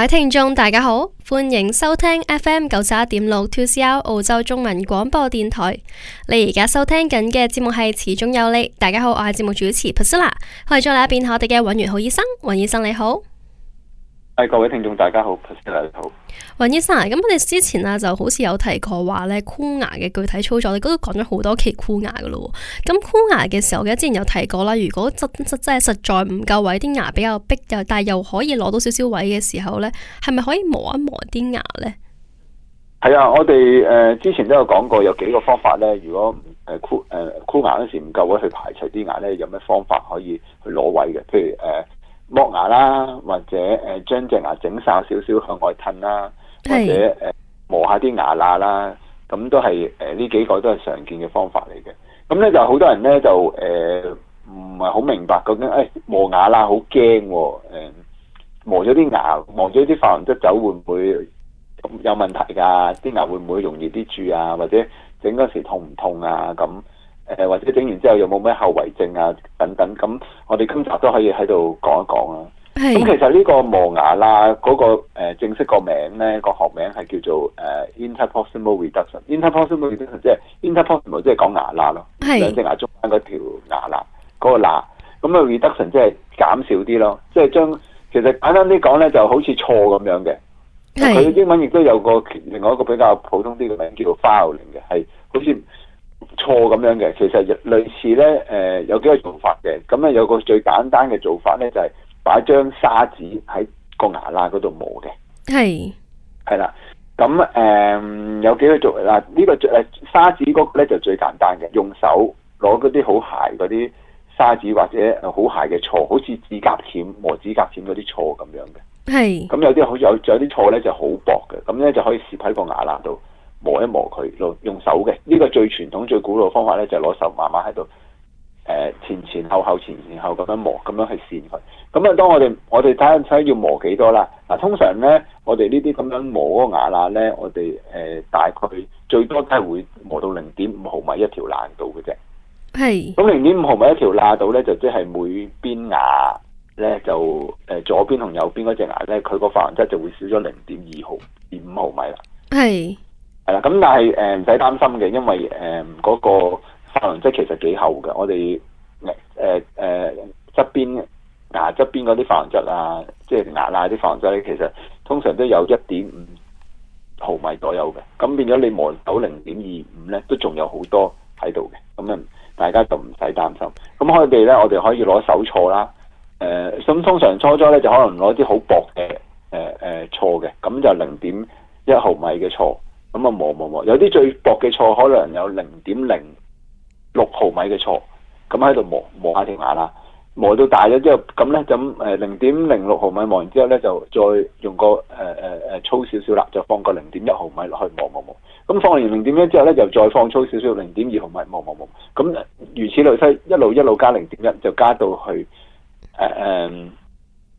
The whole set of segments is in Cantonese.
各位聽眾大家好，歡迎收聽 FM 九十一點六 2CR 澳洲中文廣播電台。你而家收聽緊嘅節目係《齒中有理》，大家好，我係節目主持 Priscilla 我哋再嚟一遍，我哋嘅尹元晧醫生，尹醫生你好。各位聽眾，大家好，主持人好。尹醫生，咁、啊、我哋之前啊，就好似有提過話咧箍牙嘅具體操作，你度講咗好多期箍牙噶咯。咁箍牙嘅時候，我之前有提過啦。如果真真真係實在唔夠位，啲牙比較迫又，但係又可以攞到少少位嘅時候咧，係咪可以磨一磨啲牙咧？係啊，我哋誒、呃、之前都有講過，有幾個方法咧。如果誒箍誒箍牙嗰時唔夠位，去排除啲牙咧，有咩方法可以去攞位嘅？譬如誒。呃磨牙啦，或者誒、呃、將隻牙整曬少少向外褪啦，或者誒、呃、磨下啲牙罅啦，咁都係誒呢幾個都係常見嘅方法嚟嘅。咁咧就好多人咧就誒唔係好明白究竟：哎「誒磨牙啦，好驚誒磨咗啲牙，磨咗啲琺瑯質走會唔會有問題㗎？啲牙會唔會容易啲蛀啊？或者整嗰時痛唔痛啊？咁。誒或者整完之後有冇咩後遺症啊，等等咁，我哋今集都可以喺度講一講啦。係。咁其實呢個磨牙啦，嗰個誒正式個名咧，個學名係叫做誒 interproximal reduction, reduction、即係。interproximal reduction 即係 interproximal 即係講牙罅咯，係。兩隻牙中間嗰條牙罅，嗰個罅。咁啊 reduction 即係減少啲咯，即係將其實簡單啲講咧，就好似錯咁樣嘅。係。佢英文亦都有個另外一個比較普通啲嘅名叫做 filing 嘅，係好似。錯咁樣嘅，其實類似呢，誒、呃、有幾個做法嘅。咁、嗯、咧有個最簡單嘅做法呢，就係、是、擺張砂紙喺個牙罅嗰度磨嘅。係係啦，咁誒、嗯、有幾個做嗱？呢、這個誒砂紙呢，個咧就最簡單嘅，用手攞嗰啲好鞋嗰啲砂紙或者好鞋嘅錯，好似指甲鉗磨指甲鉗嗰啲錯咁樣嘅。係咁是、嗯、有啲好有，有啲錯呢，就好薄嘅，咁呢，就可以攝喺個牙罅度。磨一磨佢，攞用手嘅呢、這個最傳統、最古老嘅方法呢，就攞、是、手慢慢喺度，誒、呃、前前後後、前前後咁樣磨，咁樣去線佢。咁啊，當我哋我哋睇睇要磨幾多啦？嗱、啊，通常呢，我哋呢啲咁樣磨嗰個牙罅呢，我哋誒、呃、大概最多都係會磨到零點五毫米一條罅度嘅啫。係是。咁零點五毫米一條罅度呢，就即係每邊牙呢，就誒、呃、左邊同右邊嗰隻牙呢，佢個琺瑯質就會少咗零點二毫、五毫米啦。係是。係啦，咁但係誒唔使擔心嘅，因為誒嗰、呃那個琺瑯質其實幾厚嘅。我哋誒誒側邊牙側邊嗰啲琺瑯質啊，即係牙罅啲琺瑯質咧、啊，其實通常都有一點五毫米左右嘅。咁變咗你磨到零點二五咧，都仲有好多喺度嘅。咁啊，大家就唔使擔心。咁開地咧，我哋可以攞手銼啦。誒、呃，咁通常初初咧就可能攞啲好薄嘅誒誒銼嘅，咁、呃呃、就零點一毫米嘅銼。咁啊磨磨磨，有啲最薄嘅錯可能有零點零六毫米嘅錯，咁喺度磨磨一下條牙啦，磨到大咗之後，咁咧咁誒零點零六毫米磨完之後咧，就再用個誒誒誒粗少少啦，就放個零點一毫米落去磨磨磨，咁放完零點一之後咧，就再放粗少少零點二毫米磨磨磨，咁如此類推一路一路加零點一，就加到去誒誒，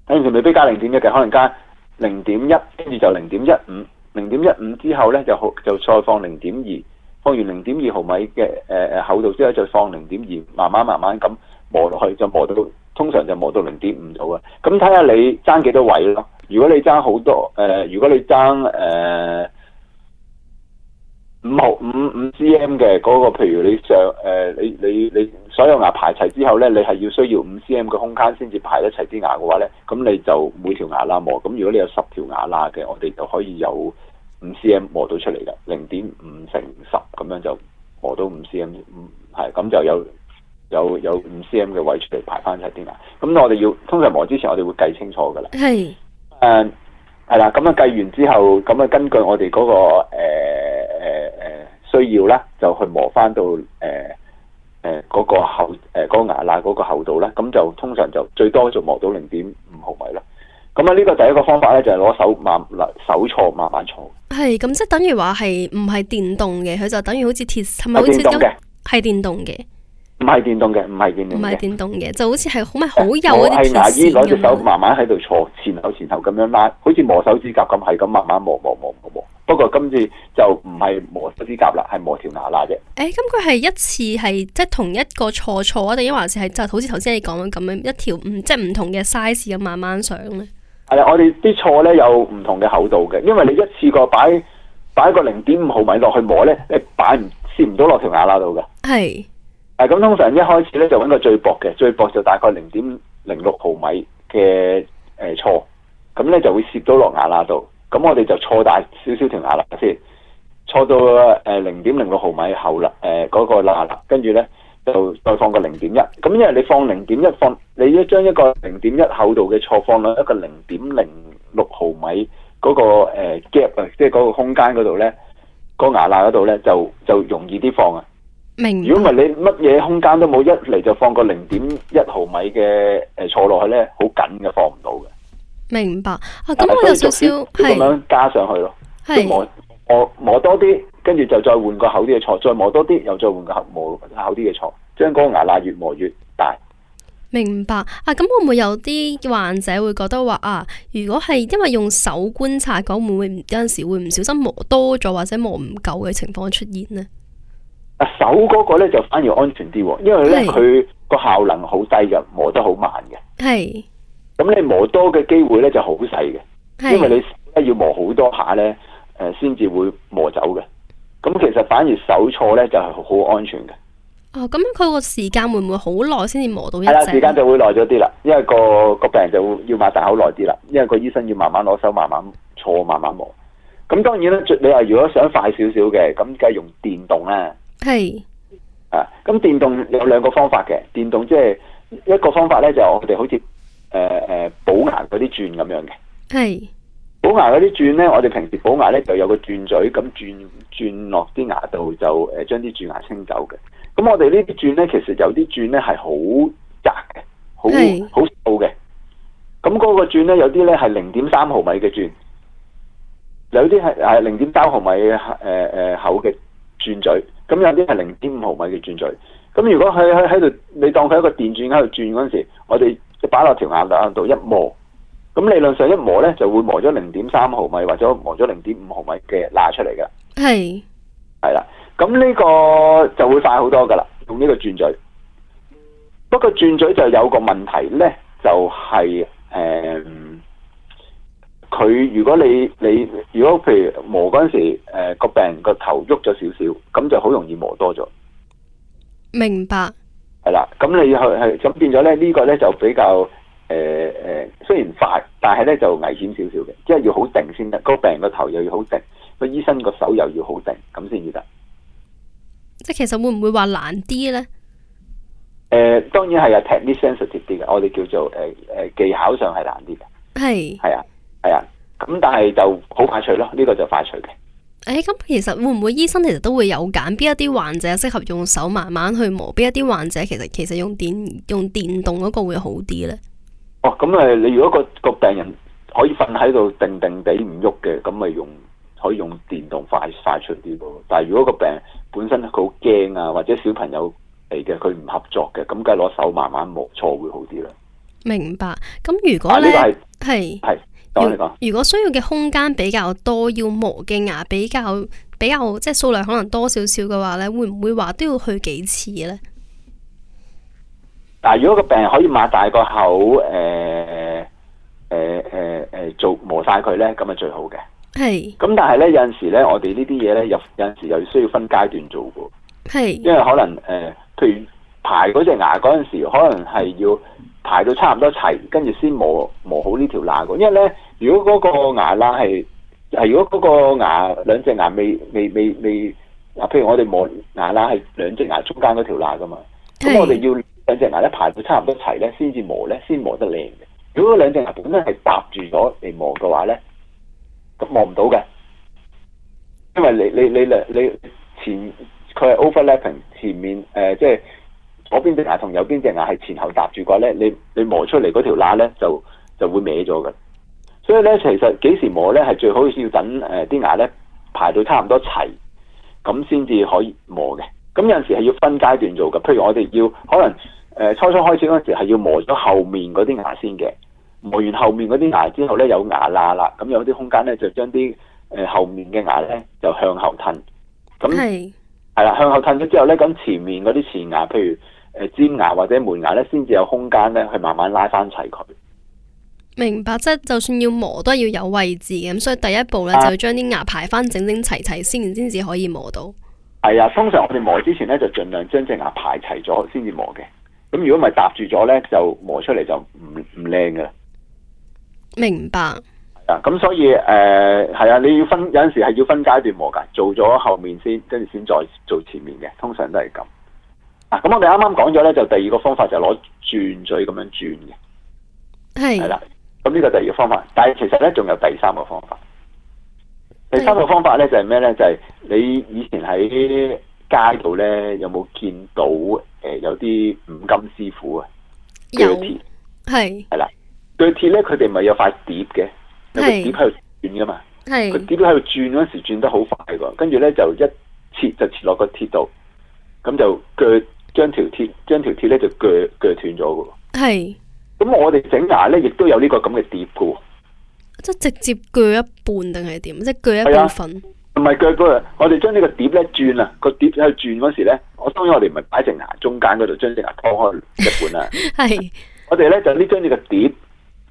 睇完就未必加零點一嘅，可能加零點一，跟住就零點一五。零點一五之後呢，就好就再放零點二，放完零點二毫米嘅誒誒厚度之後，再放零點二，慢慢慢慢咁磨落去，就磨到通常就磨到零點五度啊。咁睇下你爭幾多位咯。如果你爭好多誒、呃，如果你爭誒。呃五毫五五 C M 嘅嗰、那個，譬如你上誒、呃，你你你所有牙排齊之後咧，你係要需要五 C M 嘅空間先至排得齊啲牙嘅話咧，咁你就每條牙啦磨。咁如果你有十條牙啦嘅，我哋就可以有五 C M 磨到出嚟噶，零點五乘十咁樣就磨到五 C M，嗯,係咁就有有有五 C M 嘅位出嚟排翻齊啲牙。咁我哋要通常磨之前，我哋會計清楚噶啦。係誒係啦，咁啊計完之後，咁啊根據我哋嗰、那個、呃需要咧就去磨翻到誒誒嗰個厚誒嗰牙罅嗰個厚度咧，咁就通常就最多就磨到零點五毫米啦。咁啊呢個第一個方法咧就係攞手慢拉手搓慢慢搓。係咁即係等於話係唔係電動嘅，佢就等於好似鐵唔係好似都係電動嘅，唔係電動嘅，唔係電動嘅，唔係電動嘅，動就好似係好咪好幼嗰啲牙醫攞隻手慢慢喺度搓前後前後咁樣拉，好似磨手指甲咁，係咁慢慢磨磨磨磨。不過今次就唔係磨手指甲啦，係磨條牙罅啫。誒、欸，咁佢係一次係即係同一個锉锉啊，定抑或係就好似頭先你講咁樣一條唔即係唔同嘅 size 咁慢慢上咧？係啊、嗯，我哋啲锉咧有唔同嘅厚度嘅，因為你一次過擺擺個零點五毫米落去磨咧，你擺唔攝唔到落條牙罅度嘅。係誒，咁是、嗯、通常一開始咧就揾個最薄嘅，最薄就大概零點零六毫米嘅誒锉，咁咧就會攝到落牙罅度。咁、嗯、我哋就錯大少少牙罅啦，先錯到誒零點零六毫米厚啦，誒、呃、嗰、嗰個罅啦，跟住咧就再放個零點一，咁因為你放零點一放，你咧將一個零點一厚度嘅錯放落一個零點零六毫米嗰、嗰個誒 gap 啊，呃、ap，即係嗰個空間嗰度咧，個牙罅嗰度咧就就容易啲放啊。明白。如果唔係你乜嘢空間都冇，一嚟就放個零點一毫米嘅誒錯落去咧，好緊嘅放唔到嘅。明白啊！咁我、啊、是有少少咁是樣加上去咯是，磨我磨多啲，跟住就再換個厚啲嘅銼，再磨多啲，又再換個厚磨厚啲嘅銼，將嗰個牙罅越磨越大。明白啊！咁會唔會有啲患者會覺得話啊，如果係因為用手觀察，會唔會唔有陣時會唔小心磨多咗或者磨唔夠嘅情況出現呢？啊、手嗰個咧就反而安全啲，因為咧佢個效能好低嘅，磨得好慢嘅。係。咁你磨多嘅機會咧就好細嘅，因為你要磨好多下咧，誒先至會磨走嘅。咁其實反而手錯咧就係、是、好安全嘅。哦，咁佢個時間會唔會好耐先至磨到一？係啦，時間就會耐咗啲啦，因為個個病就要擘大口耐啲啦，因為個醫生要慢慢攞手，慢慢錯，慢慢磨。咁當然咧，你話如果想快少少嘅，咁梗係用電動咧。係。啊，咁是、啊、電動有兩個方法嘅，電動即、就、係、是、一個方法咧，就我哋好似。誒誒，補、呃、牙嗰啲鑽咁樣嘅，係補是牙嗰啲鑽咧。我哋平時補牙咧，就有個鑽嘴咁轉轉落啲牙度，就誒將啲蛀牙清走嘅。咁我哋呢啲鑽咧，其實有啲鑽咧係好窄嘅，好好粗嘅。咁嗰是個鑽咧，有啲咧係零點三毫米嘅鑽，有啲係誒零點三毫米誒誒厚嘅鑽嘴，咁有啲係零點五毫米嘅鑽嘴。咁如果佢喺喺度，你當佢一個電鑽喺度轉嗰陣時，我哋。即擺落條眼眼度一磨，咁理論上一磨呢，就會磨咗零點三毫米或者磨咗零點五毫米嘅罅出嚟噶係係啦，咁呢個就會快好多噶啦，用呢個轉嘴。不過轉嘴就有個問題呢，就係、是、誒，佢、呃，如果你你如果譬如磨嗰陣時，誒、呃，個病人個頭喐咗少少，咁就好容易磨多咗。明白。係啦，咁你去係，咁變咗咧呢個咧就比較誒誒、呃，雖然快，但係咧就危險少少嘅，即係要好定先得，個病個頭又要好定，個醫生個手又要好定，咁先至得。即係其實會唔會話難啲咧？誒、呃，當然係啊，technique sensitive 啲嘅，我哋叫做誒誒、呃，技巧上係難啲嘅。係係啊係啊，咁但係就好快脆咯，呢、這個就快脆嘅。誒，咁、哎，其實會唔會醫生其實都會有揀，邊一啲患者適合用手慢慢去磨，邊一啲患者其實其實用電用電動嗰個會好啲呢？哦，咁啊，你如果個個病人可以瞓喺度定定地唔喐嘅，咁咪用可以用電動快快出啲咯。但係如果個病本身佢好驚啊，或者小朋友嚟嘅，佢唔合作嘅，咁梗係攞手慢慢磨錯會好啲啦。明白。咁如果你。係係、啊。這個如果需要嘅空間比較多，要磨嘅牙比較比較即係數量可能多少少嘅話咧，會唔會話都要去幾次咧？但係如果個病人可以擘大個口，誒誒誒誒做磨晒佢咧，咁係最好嘅。係是。咁但係咧，有陣時咧，我哋呢啲嘢咧，有有陣時又需要分階段做嘅。係。因為可能誒，譬、呃、如。排嗰隻牙嗰陣時，可能係要排到差唔多齊，跟住先磨磨好呢條罅。因為咧，如果嗰個牙罅係係，如果嗰個牙兩隻牙未未未未，嗱，譬如我哋磨牙罅係兩隻牙中間嗰條罅嘅嘛，咁是我哋要兩隻牙咧排到差唔多齊咧，先至磨咧，先磨得靚嘅。如果兩隻牙本身係搭住咗嚟磨嘅話咧，咁磨唔到嘅，因為你你你兩你，你前佢係 overlapping 前面誒、呃，即係。嗰邊隻牙同右邊隻牙係前後夾住嘅話咧，你你磨出嚟嗰條罅咧就就會歪咗㗎。所以咧，其實幾時磨咧係最好先要等誒啲牙咧排到差唔多齊，咁先至可以磨嘅。咁有陣時係要分階段做嘅。譬如我哋要可能誒、呃、初初開始嗰陣時係要磨咗後面嗰啲牙先嘅，磨完後面嗰啲牙之後咧有牙罅啦，咁有啲空間咧就將啲誒後面嘅牙咧就向後褪。咁係係啦，向後褪咗之後咧，咁前面嗰啲前牙譬如。誒、呃，尖牙或者門牙咧，先至有空間咧，去慢慢拉翻齊佢。明白啫，就是、就算要磨，都要有位置嘅。咁所以第一步咧，啊、就將啲牙排翻整整齊齊，先先至可以磨到。係啊，通常我哋磨之前咧，就盡量將隻牙排齊咗先至磨嘅。咁如果咪搭住咗咧，就磨出嚟就唔唔靚噶啦。明白。啊，咁所以誒，係、呃、啊，你要分有陣時係要分階段磨噶，做咗後面先，跟住先再做前面嘅。通常都係咁。嗱，咁我哋啱啱講咗咧，就第二個方法就攞轉嘴咁樣轉嘅，係是，係啦。咁呢個第二個方法，但係其實咧仲有第三個方法。第三個方法咧就係咩咧？就係、是、你以前喺街度咧有冇見到誒、呃、有啲五金師傅啊鋸鐵，係，係啦。鋸鐵咧，佢哋咪有塊碟嘅，有個碟喺度轉㗎嘛，係是。個碟喺度轉嗰陣時轉得好快喎，跟住咧就一切就切落個鐵度，咁就鋸。將條鐵將條鐵咧就鋸鋸斷咗嘅，係。咁我哋整牙咧，亦都有呢個咁嘅碟嘅。即係直接鋸一半定係點？即係鋸一部分。唔係鋸嗰我哋將呢個碟咧轉啊，個碟喺度轉嗰時咧，我當然我哋唔係擺成牙中間嗰度，將隻牙拖開一半啦。係。我哋咧就呢，將呢個碟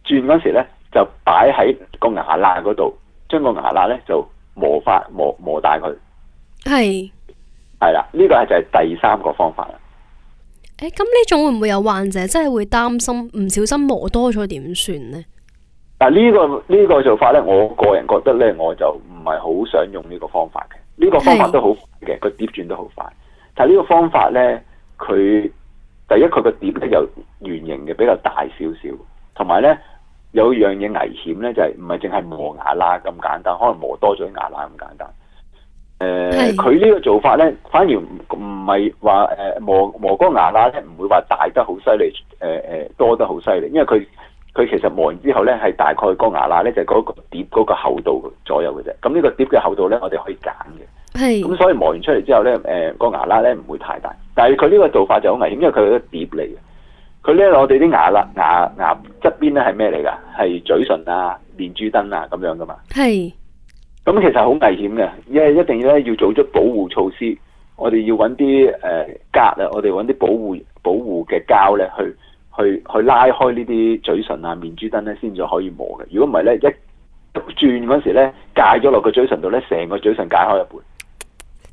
轉嗰時咧，就擺喺個牙罅嗰度，將個牙罅咧就磨翻，磨磨大佢。係。係啦，呢個係就係第三個方法啦。誒，咁呢、欸，種會唔會有患者真係會擔心？唔小心磨多咗點算咧？嗱，呢、呢個呢、呢個做法呢，我個人覺得呢，我就唔係好想用呢個方法嘅。呢、呢個方法都好嘅，個碟是轉得好快。但係呢個方法呢，佢第一佢個碟咧有圓形嘅，比較大少少。同埋呢，有樣嘢危險呢，就係唔係淨係磨牙啦咁簡單，嗯、可能磨多咗啲牙啦咁簡單。誒，佢呢、呃、是個做法咧，反而唔唔係話誒磨磨個牙啦咧，唔會話大得好犀利，誒、呃、誒多得好犀利，因為佢佢其實磨完之後咧，係大概個牙啦咧，就嗰個碟嗰個厚度左右嘅啫。咁呢個碟嘅厚度咧，我哋可以揀嘅。係咁是、嗯，所以磨完出嚟之後咧，誒、呃那個牙啦咧唔會太大。但係佢呢個做法就好危險，因為佢係一個碟嚟嘅。佢咧，我哋啲牙啦牙牙側邊咧係咩嚟噶？係嘴唇啊、面珠燈啊咁樣噶嘛？係是。咁其實好危險嘅，因為一定咧要做足保護措施，我哋要揾啲誒隔啊，呃、guard, 我哋揾啲保護保護嘅膠咧，去去去拉開呢啲嘴唇啊、面珠燈咧，先至可以磨嘅。如果唔係咧，一轉嗰時咧，割咗落個嘴唇度咧，成個嘴唇解開一半。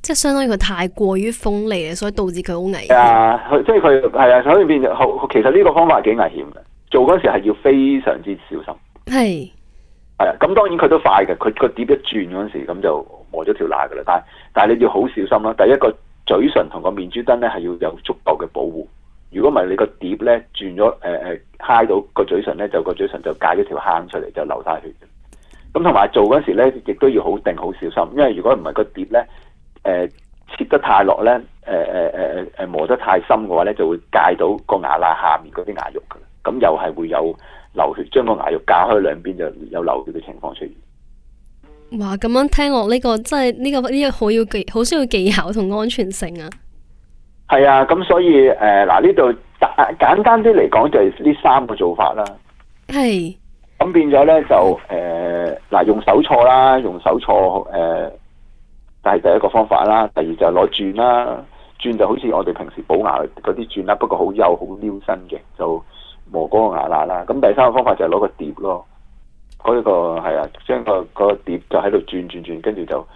即係相當於佢太過於鋒利咧，所以導致佢好危險。啊，即係佢係啊，所以變咗好。其實呢個方法係幾危險嘅，做嗰時係要非常之小心。係。係咁、嗯、當然佢都快嘅，佢個碟一轉嗰陣時，咁就磨咗條牙噶啦。但係，但係你要好小心囉。第一個嘴唇同個面珠燈咧，係要有足夠嘅保護。如果唔係，你個碟咧轉咗，誒誒揩到個嘴唇咧，就個嘴唇就戒咗條坑出嚟，就流晒血。咁同埋做嗰陣時咧，亦都要好定好小心。因為如果唔係個碟咧，誒、呃、切得太落咧，誒誒誒誒磨得太深嘅話咧，就會戒到個牙罅下面嗰啲牙肉㗎啦。咁又係會有，流血，將個牙肉架開兩邊就有流血嘅情況出現。哇，咁樣聽落呢個真係呢個呢個好要技，好需要技巧同安全性啊。係啊，咁所以誒嗱呢度簡簡單啲嚟講就係呢三個做法啦。係、哎。咁變咗咧就誒嗱、呃，用手挫啦，用手挫誒就係第一個方法啦。第二就攞鑽啦，鑽就好似我哋平時補牙嗰啲鑽啦，不過好幼好撩身嘅就，磨嗰個牙罅啦，咁第三個方法就係攞個碟咯，嗰、那、一個係啊，將個個碟就喺度轉轉轉，跟住就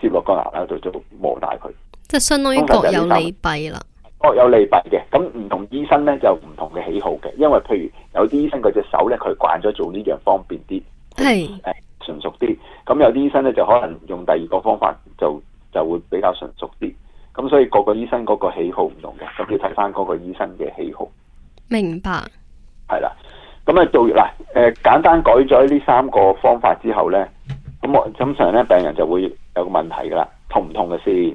攝落個牙罅度，就磨大佢。即係相當於各有利弊啦。各、哦、有利弊嘅，咁唔同醫生咧就唔同嘅喜好嘅，因為譬如有啲醫生佢隻手咧，佢慣咗做呢樣方便啲，係誒是純熟啲。咁有啲醫生咧就可能用第二個方法就，就就會比較純熟啲。咁所以各個醫生嗰個喜好唔同嘅，咁要睇翻嗰個醫生嘅喜好。明白。係啦，咁啊做嗱，誒簡單改咗呢三個方法之後咧，咁我通常咧病人就會有個問題噶啦，痛唔痛嘅先？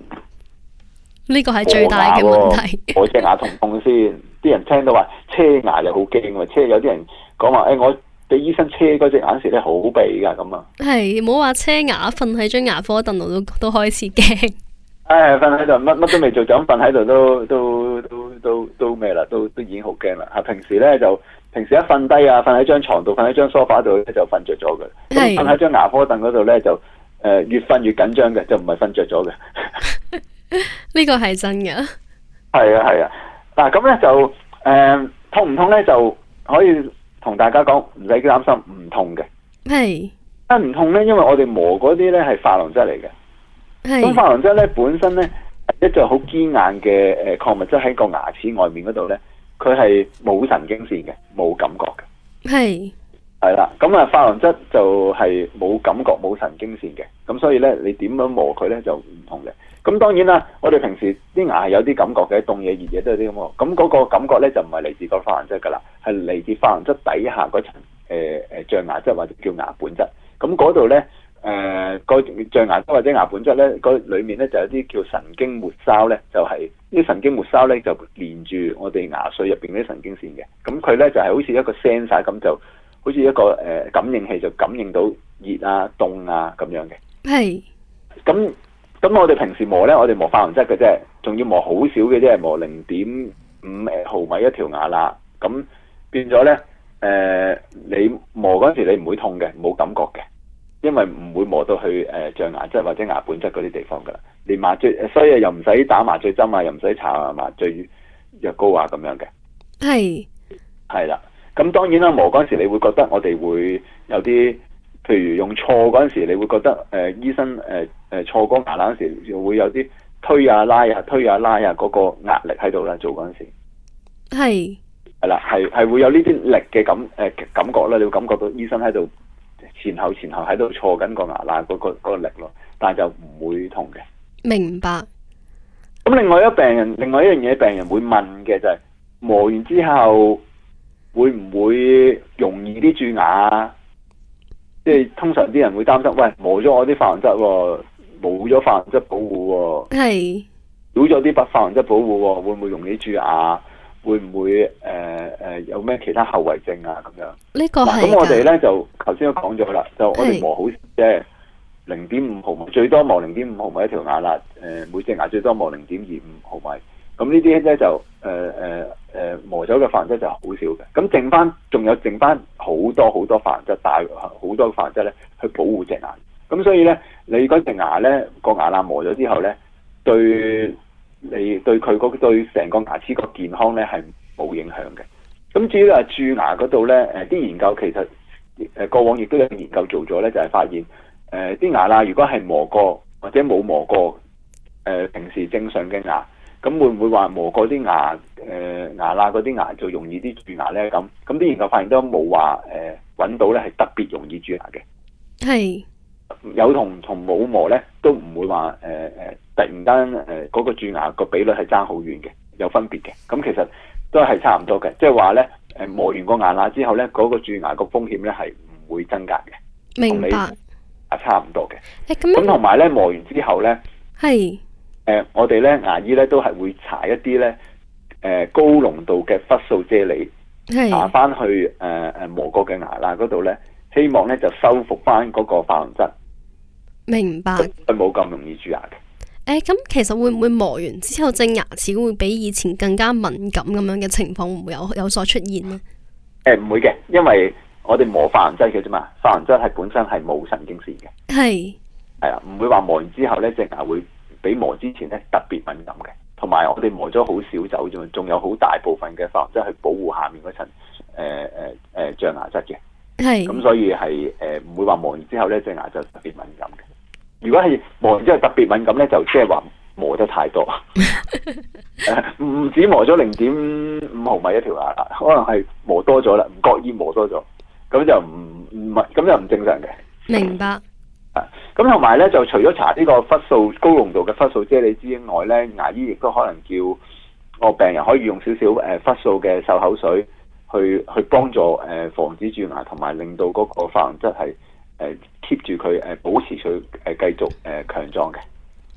呢個係最大嘅問題。我 隻牙，硝硝牙硝痛痛先，啲人聽到話車牙你好驚啊，車，有啲人講話，誒、欸、我俾醫生車嗰隻牙齒咧好痹噶咁啊。係，唔好話車牙，瞓喺張牙科凳度都都開始驚。誒，瞓喺度乜乜都未做，枕瞓喺度都都都都都咩啦？都都，都，都，都，都，都已經好驚啦。吓，平時咧就。平時一瞓低啊，瞓喺張床度，瞓喺張梳 o 度咧就瞓着咗嘅。係瞓喺張牙科凳嗰度咧就誒越瞓越緊張嘅，就唔係瞓着咗嘅。呃、痛痛呢個係真嘅。係啊係啊，嗱咁咧就誒痛唔痛咧就可以同大家講唔使擔心，唔痛嘅。係啊唔痛咧，因為我哋磨嗰啲咧係珐琅質嚟嘅。係咁珐琅質咧本身咧一種好堅硬嘅誒礦物質喺個牙齒外面嗰度咧。佢係冇神經線嘅，冇感覺嘅，係係啦，咁啊，珐琅質就係冇感覺、冇神經線嘅，咁所以咧，你點樣磨佢咧就唔同嘅。咁當然啦，我哋平時啲牙係有啲感覺嘅，凍嘢、熱嘢都有啲咁，咁嗰個感覺咧就唔係嚟自嗰個珐琅質噶啦，係嚟自珐琅質底下嗰層誒誒象牙質或者叫牙本質。咁嗰度咧。誒個象牙質或者牙本質咧，個裡面咧就有啲叫神經末梢咧，就係、是、啲神經末梢咧就連住我哋牙髓入邊啲神經線嘅，咁佢咧就係、是、好似一個 sensor，咁，就好似一個誒感應器，就感應到熱啊、凍啊咁樣嘅。係是。咁咁我哋平時磨咧，我哋磨琺瑯質嘅啫，仲要磨好少嘅啫，磨零點五毫米一條牙罅。咁變咗咧，誒、呃、你磨嗰時你唔會痛嘅，冇感覺嘅。因為唔會磨到去誒象牙質或者牙本質嗰啲地方噶啦，連麻醉，所以又唔使打麻醉針啊，又唔使搽麻醉藥膏啊，咁樣嘅。係係啦，咁當然啦，磨嗰陣時你會覺得我哋會有啲，譬如用錯嗰陣時你會覺得，誒、呃、醫生誒誒錯光牙啦嗰陣時，會有啲推啊拉啊推啊拉啊嗰個壓力喺度啦，做嗰陣時。係係啦，係係會有呢啲力嘅感誒、呃、感覺啦，你會感覺到醫生喺度。前後前後喺度錯緊個牙罅嗰個個力咯，但係就唔會痛嘅。明白。咁另外一病人，另外一樣嘢，病人會問嘅就係、是、磨完之後會唔會容易啲蛀牙？即、就、係、是、通常啲人會擔心，喂，磨咗我啲珐琅質，冇咗珐琅質保護、哦，係少咗啲白珐琅質保護、哦，會唔會容易蛀牙？會唔會誒誒、呃呃、有咩其他後遺症啊？咁樣呢個係，咁我哋咧就頭先都講咗啦，就我哋磨好即係零點五毫米，的最毫米、呃，最多磨零點五毫米一條牙罅。誒，每隻牙最多磨零點二五毫米。咁呢啲咧就誒誒誒磨咗嘅琺質就好少嘅。咁剩翻仲有剩翻好多好多琺質，大好多琺質咧去保護隻牙。咁所以咧，你嗰隻牙咧個牙罅磨咗之後咧，對。你對佢嗰對成個牙齒個健康咧係冇影響嘅。咁至於話蛀牙嗰度咧，誒、呃、啲研究其實誒、呃、過往亦都有研究做咗咧，就係、是、發現誒啲、呃、牙啦，如果係磨過或者冇磨過誒、呃、平時正常嘅牙，咁會唔會話磨過啲牙誒、呃、牙啦嗰啲牙就容易啲蛀牙咧？咁咁啲研究發現都冇話誒揾到咧係特別容易蛀牙嘅。係。有同同冇磨咧，都唔會話誒誒，突然間誒嗰個蛀牙個比率係差好遠嘅，有分別嘅。咁、嗯、其實都係差唔多嘅，即係話咧，誒磨完個牙罅之後咧，嗰、那個蛀牙個風險咧係唔會增加嘅，同白你啊差唔多嘅。咁同埋咧磨完之後咧，係誒是、呃、我哋咧牙醫咧都係會搽一啲咧誒高濃度嘅氟素啫喱，搽翻去誒誒、呃、磨過嘅牙罅嗰度咧。希望咧就修復翻嗰個珐琅質明白。佢冇咁容易蛀牙嘅。誒、欸，咁其實會唔會磨完之後，隻牙齒會比以前更加敏感咁樣嘅情況，會唔會有有所出現呢？誒、欸，唔會嘅，因為我哋磨珐琅質嘅啫嘛，珐琅質係本身係冇神經線嘅，係係啦，唔會話磨完之後咧，隻牙會比磨之前咧特別敏感嘅。同埋我哋磨咗好少走啫嘛，仲有好大部分嘅珐琅質去保護下面嗰層誒誒誒象牙質嘅。咁是、嗯、所以係誒，唔、呃、會話磨完之後咧，隻牙就特別敏感嘅。如果係磨完之後特別敏感咧，就即係話磨得太多，唔 止磨咗零點五毫米一條牙啦，可能係磨多咗啦，唔覺意磨多咗，咁就唔唔係，咁就唔正常嘅。明白。啊，咁同埋咧，就除咗搽呢個氟素、高濃度嘅氟素啫喱之外咧，牙醫亦都可能叫個病人可以用少少誒氟素嘅漱口水。去去幫助誒防止蛀牙，同埋令到嗰個琺瑯質係誒 keep 住佢誒保持佢誒繼續誒強壯嘅。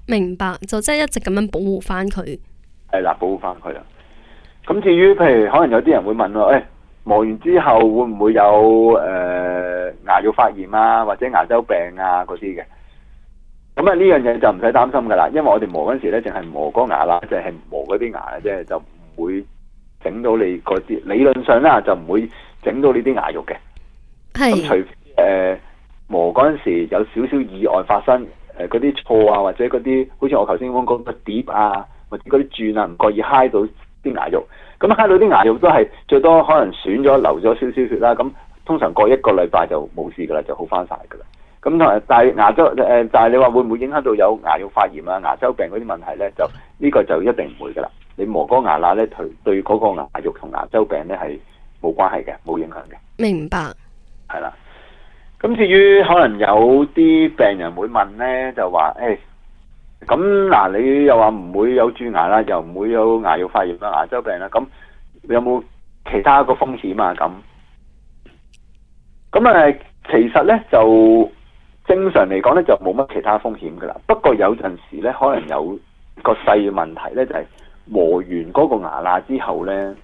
明白，就即係一直咁樣保護翻佢。係啦、嗯，保護翻佢啦。咁至於譬如可能有啲人會問啦，誒、欸、磨完之後會唔會有誒、呃、牙肉發炎啊，或者牙周病啊嗰啲嘅？咁啊呢樣嘢就唔使擔心噶啦，因為我哋磨嗰陣時咧，淨係磨嗰牙啦，即係磨嗰啲牙嘅啫，就唔會，整到你嗰啲，理論上咧就唔會整到你啲牙肉嘅。咁是除誒、呃、磨嗰陣時有少少意外發生，誒嗰啲錯啊，或者嗰啲好似我頭先講嗰個碟啊，或者嗰啲鑽啊，唔覺意揩到啲牙肉。咁、嗯、揩到啲牙肉都係最多可能損咗、流咗少少血啦。咁、嗯、通常過一個禮拜就冇事噶啦，就好翻晒噶啦。咁、嗯、同埋但係牙周誒、呃，但係你話會唔會影響到有牙肉發炎啊、牙周病嗰啲問題咧？就呢、呢個就一定唔會噶啦。你磨光牙啦咧，對對嗰個牙肉同牙周病咧係冇關係嘅，冇影響嘅。明白，係啦。咁至於可能有啲病人會問咧，就話誒，咁嗱，你又話唔會有蛀牙啦，又唔會有牙肉發炎啦、牙周病啦，咁有冇其他個風險啊？咁咁誒，其實咧就正常嚟講咧就冇乜其他風險噶啦。不過有陣時咧可能有個細嘅問題咧就係。磨完嗰個牙罅之後呢，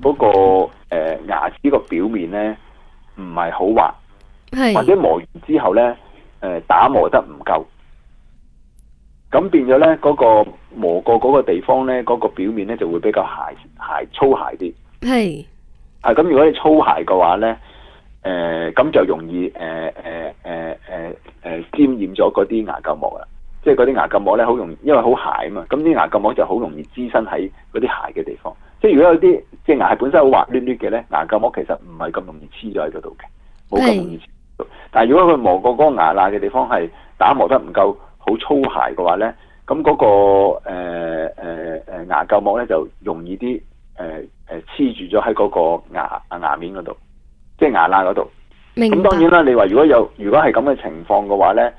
嗰、那個誒、呃、牙齒個表面呢唔係好滑，是或者磨完之後呢誒、呃、打磨得唔夠，咁變咗呢，嗰個磨過嗰個地方呢，嗰、那個表面呢就會比較鞋鞋粗鞋啲，係咁是、啊、如果你粗鞋嘅話呢，誒、呃、咁就容易誒誒誒誒沾染咗嗰啲牙垢膜啊。即係嗰啲牙垢膜咧，好容易，因為好鞋啊嘛，咁啲牙垢膜就好容易滋生喺嗰啲鞋嘅地方。即係如果有啲即係牙本身好滑溜溜嘅咧，牙垢膜其實唔係咁容易黐咗喺嗰度嘅，冇咁容易黐到。是但係如果佢磨過嗰個牙罅嘅地方係打磨得唔夠好粗鞋嘅話咧，咁嗰、那個誒誒、呃呃、牙垢膜咧就容易啲誒誒黐住咗喺嗰個牙啊牙面嗰度，即係牙罅嗰度。咁白當然啦，你話如果有如果係咁嘅情況嘅話咧。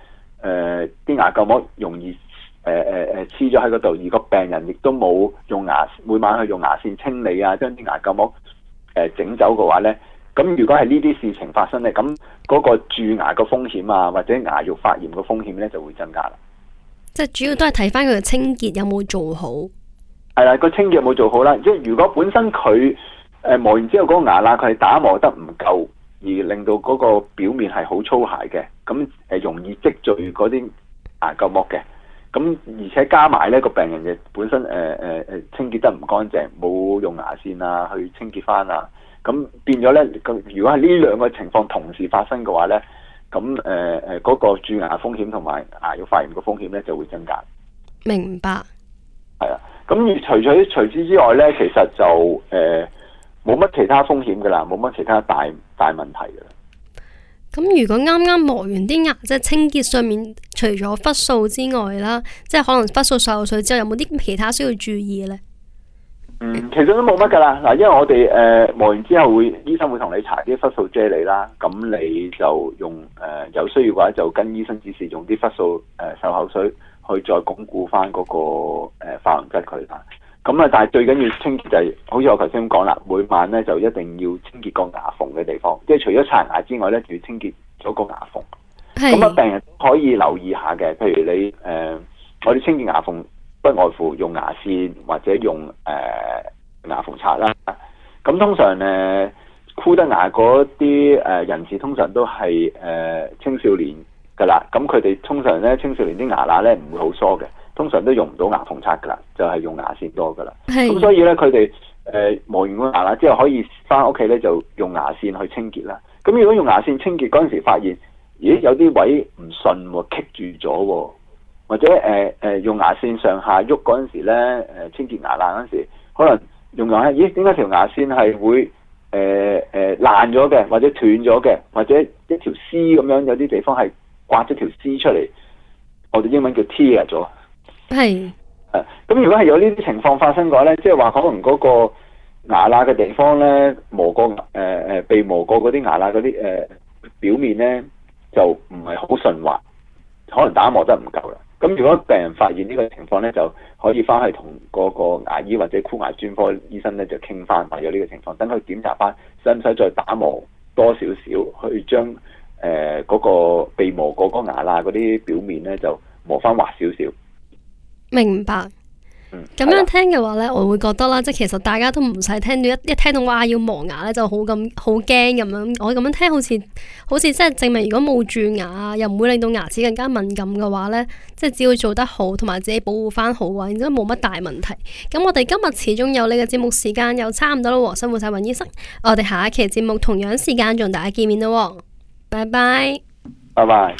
誒啲、呃、牙垢膜容易誒誒誒黐咗喺嗰度，而個病人亦都冇用牙每晚去用牙線清理啊，將啲牙垢膜誒整走嘅話咧，咁如果係呢啲事情發生咧，咁嗰個蛀牙個風險啊，或者牙肉發炎個風險咧就會增加啦。即係主要都係睇翻佢嘅清潔有冇做好。係啦，個清潔有冇做好啦，即係如果本身佢誒、呃、磨完之後嗰個牙啦，佢係打磨得唔夠。而令到嗰個表面係好粗鞋嘅，咁誒容易積聚嗰啲牙垢膜嘅，咁而且加埋呢個病人嘅本身誒誒誒清潔得唔乾淨，冇用牙線啊去清潔翻啊，咁變咗咧，咁如果係呢兩個情況同時發生嘅話咧，咁誒誒嗰個蛀牙風險同埋牙肉發炎嘅風險咧就會增加。明白。係啊，咁除咗除此之外咧，其實就誒。呃冇乜其他風險噶啦，冇乜其他大大問題噶啦。咁如果啱啱磨完啲牙，即係清潔上面除咗氟素之外啦，即係可能氟素漱口水之後，有冇啲其他需要注意嘅咧？嗯，其實都冇乜噶啦，嗱，因為我哋誒、呃、磨完之後，會醫生會同你搽啲氟素啫喱啦，咁你就用誒、呃、有需要嘅話就跟醫生指示用啲氟素誒漱、呃、口水去再鞏固翻、那、嗰個誒珐琅質佢啦。呃咁啊！但係最緊要清潔就係、是，好似我頭先咁講啦，每晚咧就一定要清潔個牙縫嘅地方，即係除咗刷牙之外咧，仲要清潔咗個牙縫。咁啊的，病人可以留意下嘅，譬如你誒、呃，我哋清潔牙縫不外乎用牙線或者用誒、呃、牙縫刷啦。咁通常咧箍得牙嗰啲誒人士，通常、呃、通常都係誒、呃、青少年嘅啦。咁佢哋通常咧青少年啲牙罅咧唔會好疏嘅。通常都用唔到牙縫刷噶啦，就係、是、用牙線多噶啦。咁的所以咧，佢哋誒磨完個牙啦，之後可以翻屋企咧就用牙線去清潔啦。咁如果用牙線清潔嗰陣時發現，咦有啲位唔順喎，棘住咗，或者誒誒、呃呃、用牙線上下喐嗰陣時咧，誒清潔牙罅嗰陣時，可能用牙咧，咦點解條牙線係會誒誒爛咗嘅，或者斷咗嘅，或者一條絲咁樣有啲地方係刮咗條絲出嚟，我哋英文叫 tear 咗。係，誒是，咁、啊、如果係有呢啲情況發生嘅話咧，即係話可能嗰個牙罅嘅地方咧磨過，誒、呃、誒，被磨過嗰啲牙罅嗰啲誒表面咧就唔係好順滑，可能打磨得唔夠啦。咁、啊、如果病人發現呢個情況咧，就可以翻去同嗰個牙醫或者箍牙專科醫生咧就傾翻，話有呢個情況，等佢檢查翻，使唔使再打磨多少少，去將誒嗰個被磨過嗰個牙罅嗰啲表面咧就磨翻滑少少。明白，咁、嗯、樣聽嘅話呢，嗯、我會覺得啦，即係其實大家都唔使聽到一一聽到話要磨牙呢，就好咁好驚咁樣，我咁樣聽好似好似即係證明如果冇蛀牙又唔會令到牙齒更加敏感嘅話呢，即係只要做得好同埋自己保護翻好啊，然之後冇乜大問題。咁我哋今日始終有你嘅節目時間又差唔多啦，辛苦晒尹醫生，我哋下一期節目同樣時間再同大家見面咯，拜拜，拜拜。